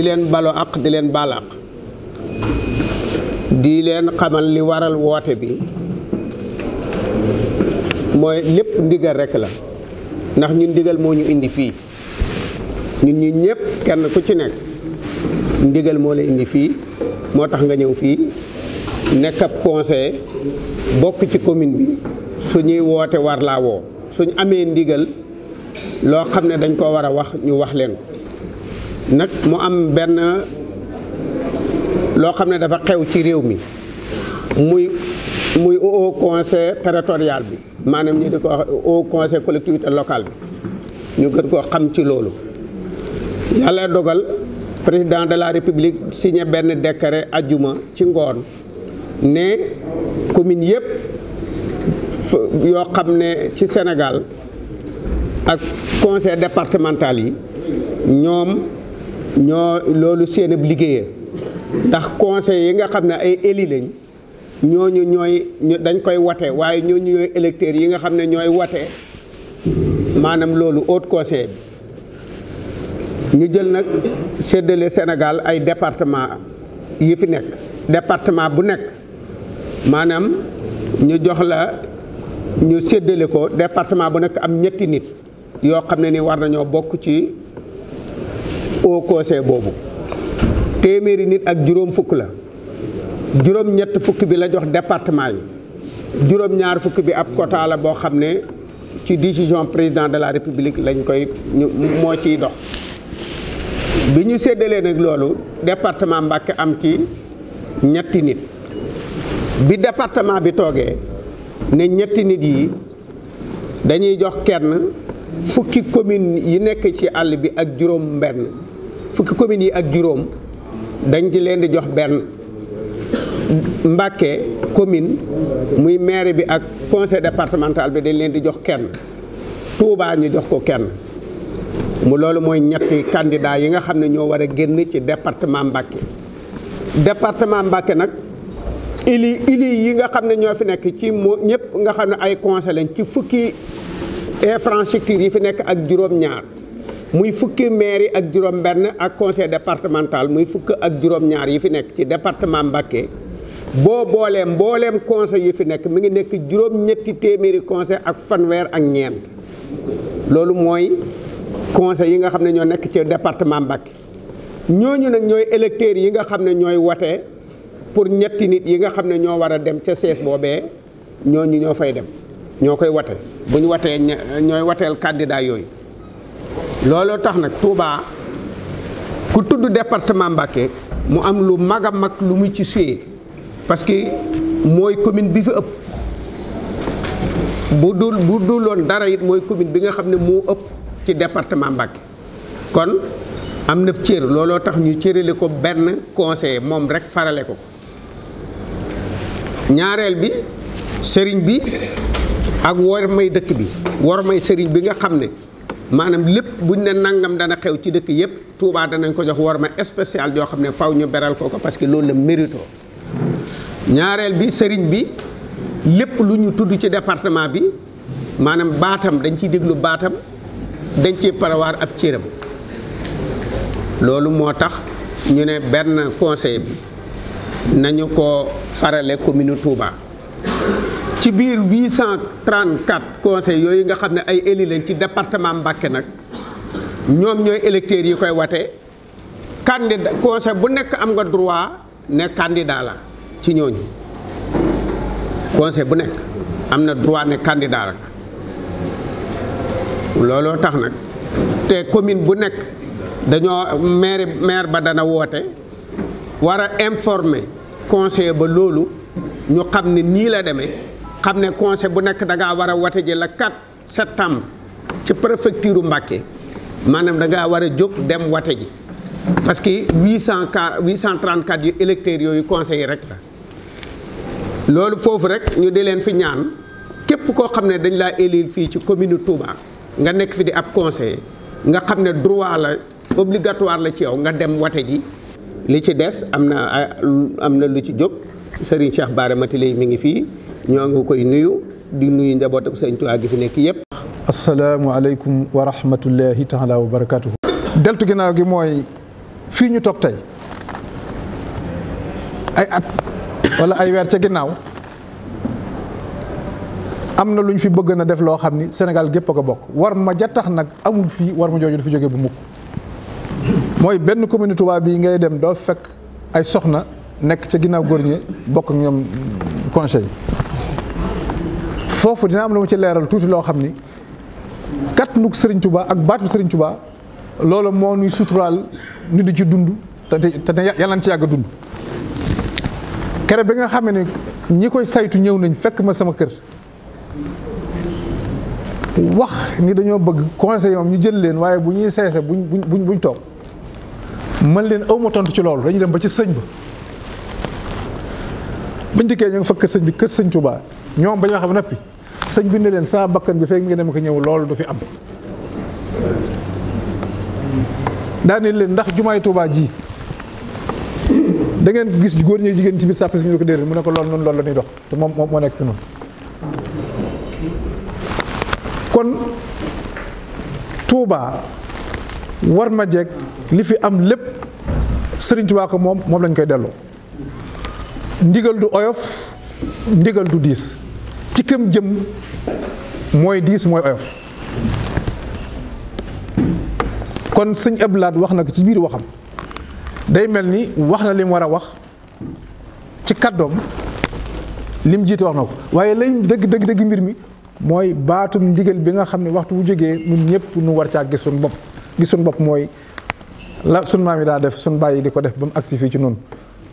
di leen balo ak di leen balaq di leen xamal li waral woote bi mooy lépp ndigal rekk la ndax ñu ndigal moo ñu indi fii ñu ñi ñëpp kenn ku ci nekk ndigal moo la indi fii moo tax nga ñëw fii nekk ab conseil bokk ci commune bi ñuy woote war laa woo suñ amee ndigal loo xam ne dañ ko war a wax ñu wax leen ko Nak mu am ben lo xamne ne dafa xew ci rew mi muy muy au conseil territorial bi manam ni diko ko wax au conseil collectivité locale bi ñu gën ko xam ci lolu yalla dogal président de la république signé ben décret ajuma ci ngor ne commune yépp yo xamné ne ci Sénégal ak conseil départemental yi ñom ñoo loolu seen ab liggéeya ndax conseil yi nga xam ne ay éli ñooñu ñooy dañ koy wate waaye ñooñu ñooy électeurs yi nga xam ne ñooy wate maanaam loolu haut conseil bi ñu jël nag séddale Sénégal ay département yi fi nekk département bu nekk maanaam ñu jox la ñu séddale ko département bu nekk am ñetti nit yoo xam ne ni war nañoo bokk ci boo conseil boobu téeméeri nit ak juróom fukk la juróom ñett fukk bi la jox département yi juróom ñaar fukk bi ab quota boo xam ne ci décision président de la république lañ koy moo ciy dox bi ñu séddalee nag loolu département Mbacké am ci ñetti nit bi département bi toogee ne ñetti nit yi dañuy jox kenn fukki commune yi nekk ci àll bi ak juróom mbenn fukk commune ak djuroom dañ ci leen di jox ben mbacké commune muy maire bi ak conseil départemental bi dañ leen di jox kenn Touba ñu jox ko kenn mu lolu moy ñetti candidat yi nga xam ño wara war génn ci département mbacké département mbacké nak ili ili yi nga xam ño fi nek ci ñepp nga xam ay conseil lañ ci fukki infrastructure yi fi nek ak djuroom ñaar muy fukki mairie ak juróom-benn ak conseil départemental muy fukk ak juróom-ñaar yi fi nekk ci département Mbacké boo boolee mbooleem conseil yi fi nekk mi ngi nekk juróom-ñetti téeméeri conseil ak fanweer ak ñeent loolu mooy conseil yi nga xam ne ñoo nekk ci département Mbacké ñooñu nag ñooy électeurs yi nga xam ne ñooy watee pour ñetti nit yi nga xam ne ñoo war a dem ca sees boobee ñooñu ñoo fay dem ñoo koy wate bu ñu watee ñooy wateel candidat yooyu looloo tax nag Touba ku tudd département Mbacké mu am lu mag a mag lu mu ci suyee parce que mooy commune bi fi ëpp bu dul bu duloon dara it mooy commune bi nga xam ne moo ëpp ci département Mbacké kon am na cër looloo tax ñu cërale ko benn conseiller moom rek farale ko ñaareel bi sëriñ bi ak war may dëkk bi war may sëriñ bi nga xam ne maanaam lépp buñ ne nangam dana xew ci dëkk yëpp Touba danañ ko jox war ma spécial joo xam ne faw ñu beral ko ko que loolu la mérito ñaareel bi sëriñ bi lépp lu ñu tudd ci département bi maanaam baatam dañ ciy déglu baatam dañ ciy parawaar ab cëram loolu moo tax ñu ne benn conseil bi nañu ko farale commune Touba ci biir trent 834 conseils yooyu nga xam ne ay élus ci département Mbacké nag ñoom ñooy électeurs yi koy watee candidat conseil bu nekk am nga droit ne la ci ñooñu conseil bu nekk am na droit ne candidat la looloo tax nag te commune bu nekk dañoo maire maire ba dana woote war a informer conseiller ba loolu ñu xam ne nii la demee xam ne conseil bu nekk dangaa war a wate ji la 4 septembre ci préfecture Mbacké maanaam da ngaa war a jóg dem wate ji parce que cent 800 834 yu électeurs yooyu conseil rek la loolu foofu rek ñu di leen fi ñaan képp koo xam ne dañ laa élire fii ci commune Touba nga nekk fi di ab conseiller nga xam ne droit la obligatoire la ci yow nga dem wate ji li ci des am na am na lu ci jóg Serigne Cheikh Bara Matiley mi ngi fii ñoo ngi koy nuyu di nuyu njabootam Sëriñ Tuubaa gi fi nekk yëpp. asalaamualeykum wa rahmatullahi taala wa barakaatuhu. deltu ginnaaw gi mooy fii ñu toog tey ay at walla ay weer ca ginnaaw am na lu ñu fi bëgg na def loo xam ni senegal gépp a ko bokk war ma ja tax nag amul fii war ma jooju dafa jóge bu mukk mooy benn commune Touba bii ngay dem doo fekk ay soxna nekk ca ginnaaw góor ñi bokk ñoom conseil foofu dina am lu ma ci leeral tuuti loo xam ni kàttanug sëriñ tubaa ak baatu sëriñ Touba loolu moo nuy suturaal nit di ci dund te te te yàlla ci yàgg dund. kere bi nga xamee ne ñi koy saytu ñëw nañ fekk ma sama kër wax ni dañoo bëgg conseil moom ñu jël leen waaye bu ñuy seese buñ buñ buñ toog. man leen aw ma tontu ci loolu dañu dem ba ci sëñ ba bañ dikkee ñu ngi fa kër sëñ bi kër sëñ Tuubaa ñoom ba ñu wax ba noppi sëñ bi ne leen saa bakkan bi fekk mi ngi dem ko ñëw loolu du fi am. daane leen ndax jumaay Tuubaa ji dangeen ngeen gis góor ñi jigéen ci biir sàpp si ñu ko déedéet mu ne ko lool noonu loolu la ñuy dox te moom moom moo nekk fi noonu. kon Tuubaa. war ma jeeg li fi am lépp Sëriñ moom moom lañ koy delloo ndigal du oyof ndigal du diis ci këm jëm mooy diis mooy oyof kon sëñ Abdoulaat wax na ko ci biir waxam day mel ni wax na li war a wax ci kàddoom lim jiite wax na ko waaye lay dëgg dëgg dëgg mbir mi mooy baatum ndigal bi nga xam ne waxtu wu jógee ñun ñëpp nu war caa gis suñu bopp gis suñu bopp mooy la suñ maam yi daa def suñ bàyyi di ko def ba mu agsi fii ci noonu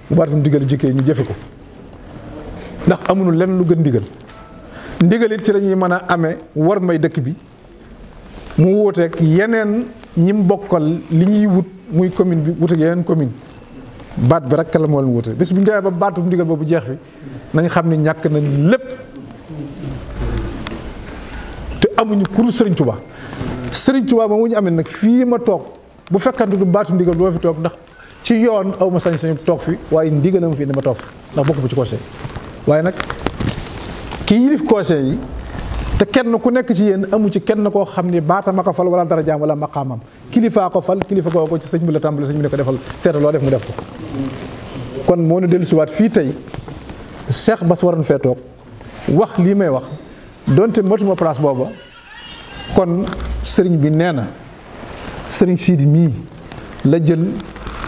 bu baax itam ndigal jikkee ñu jëfe ko ndax amuñu lenn lu gën ndigal ndigal it ci lañuy ñuy mën a amee war may dëkk bi mu wuuteeg yeneen ñim bokkal li ñuy wut muy commune bi wuteeg yeneen commune baat bi rek la moo leen wuute bis bu ñu demee ba baatum ndigal boobu jeex fi nañ xam ni ñàkk nañ lépp te amuñu kuru Sëriñ Tuubaa Sëriñ Tuubaa moom mu ñu amee nag fii ma toog bu fekkante du baatu ndigal du fi toog ndax ci yoon aw ma sañ-sañu toog fi waaye ndigalam fii ma toog fi ndax bokk bu ci conseil waaye nag kii yilif conseil yi te kenn ku nekk ci yéen amu ci kenn koo xam ni baatama ko fal wala dara jaam wala maqaamam kilifaa ko fal kilifa koo ci sëñ bi la tàmbali sëñ bi ne ko defal seeta loo def mu def ko kon moo nu dellusiwaat fii tey Cheikh Bass waroon fee toog wax lii may wax donte matuma place boobu kon sëriñ bi nee na sëriñ Sidi mii la jël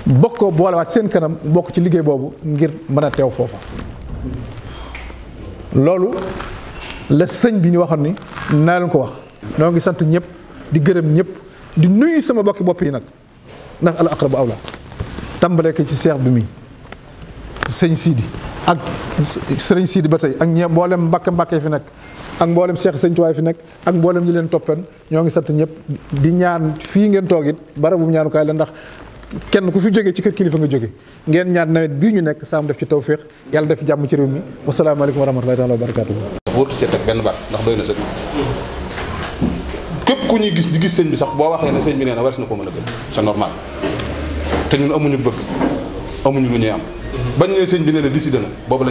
bokkoo ko boolewaat seen kanam bokk ci liggéey boobu ngir mën a teew foofa loolu la sëñ bi ñu waxoon ni naa leen ko wax noo ngi sant ñëpp di gërëm ñëpp di nuyu sama bokki bopp yi nag ndax al aqrabu awla tàmbalee ko ci seex bi mi sëñ Sidi ak sëriñ Sidi ba tey ak ñee mboolem mbàkk mbàkkee fi nag ak mboolem seex sëñ Tuubaa fi nekk ak mboolem ñu leen toppan ñoo ngi sant ñëpp di ñaan fii ngeen toog barabu ñaanukaay la ndax kenn ku fi jógee ci kër kilifa nga jóge ngeen ñaan nawet bii ñu nekk saam def ci tawféex yàlla def jàmm ci réew mi wasalaamaaleykum wa rahmatullahi taala wa barakaatu. wóotu ci teg benn baat ndax doy na sëg képp ku ñuy gis di gis sëñ bi sax boo waxee ne sëñ bi nee war si na ko mën a gën sa normal te ñun amuñu bëgg amuñu lu ñuy am bañ ne bi nee na décidé na boobu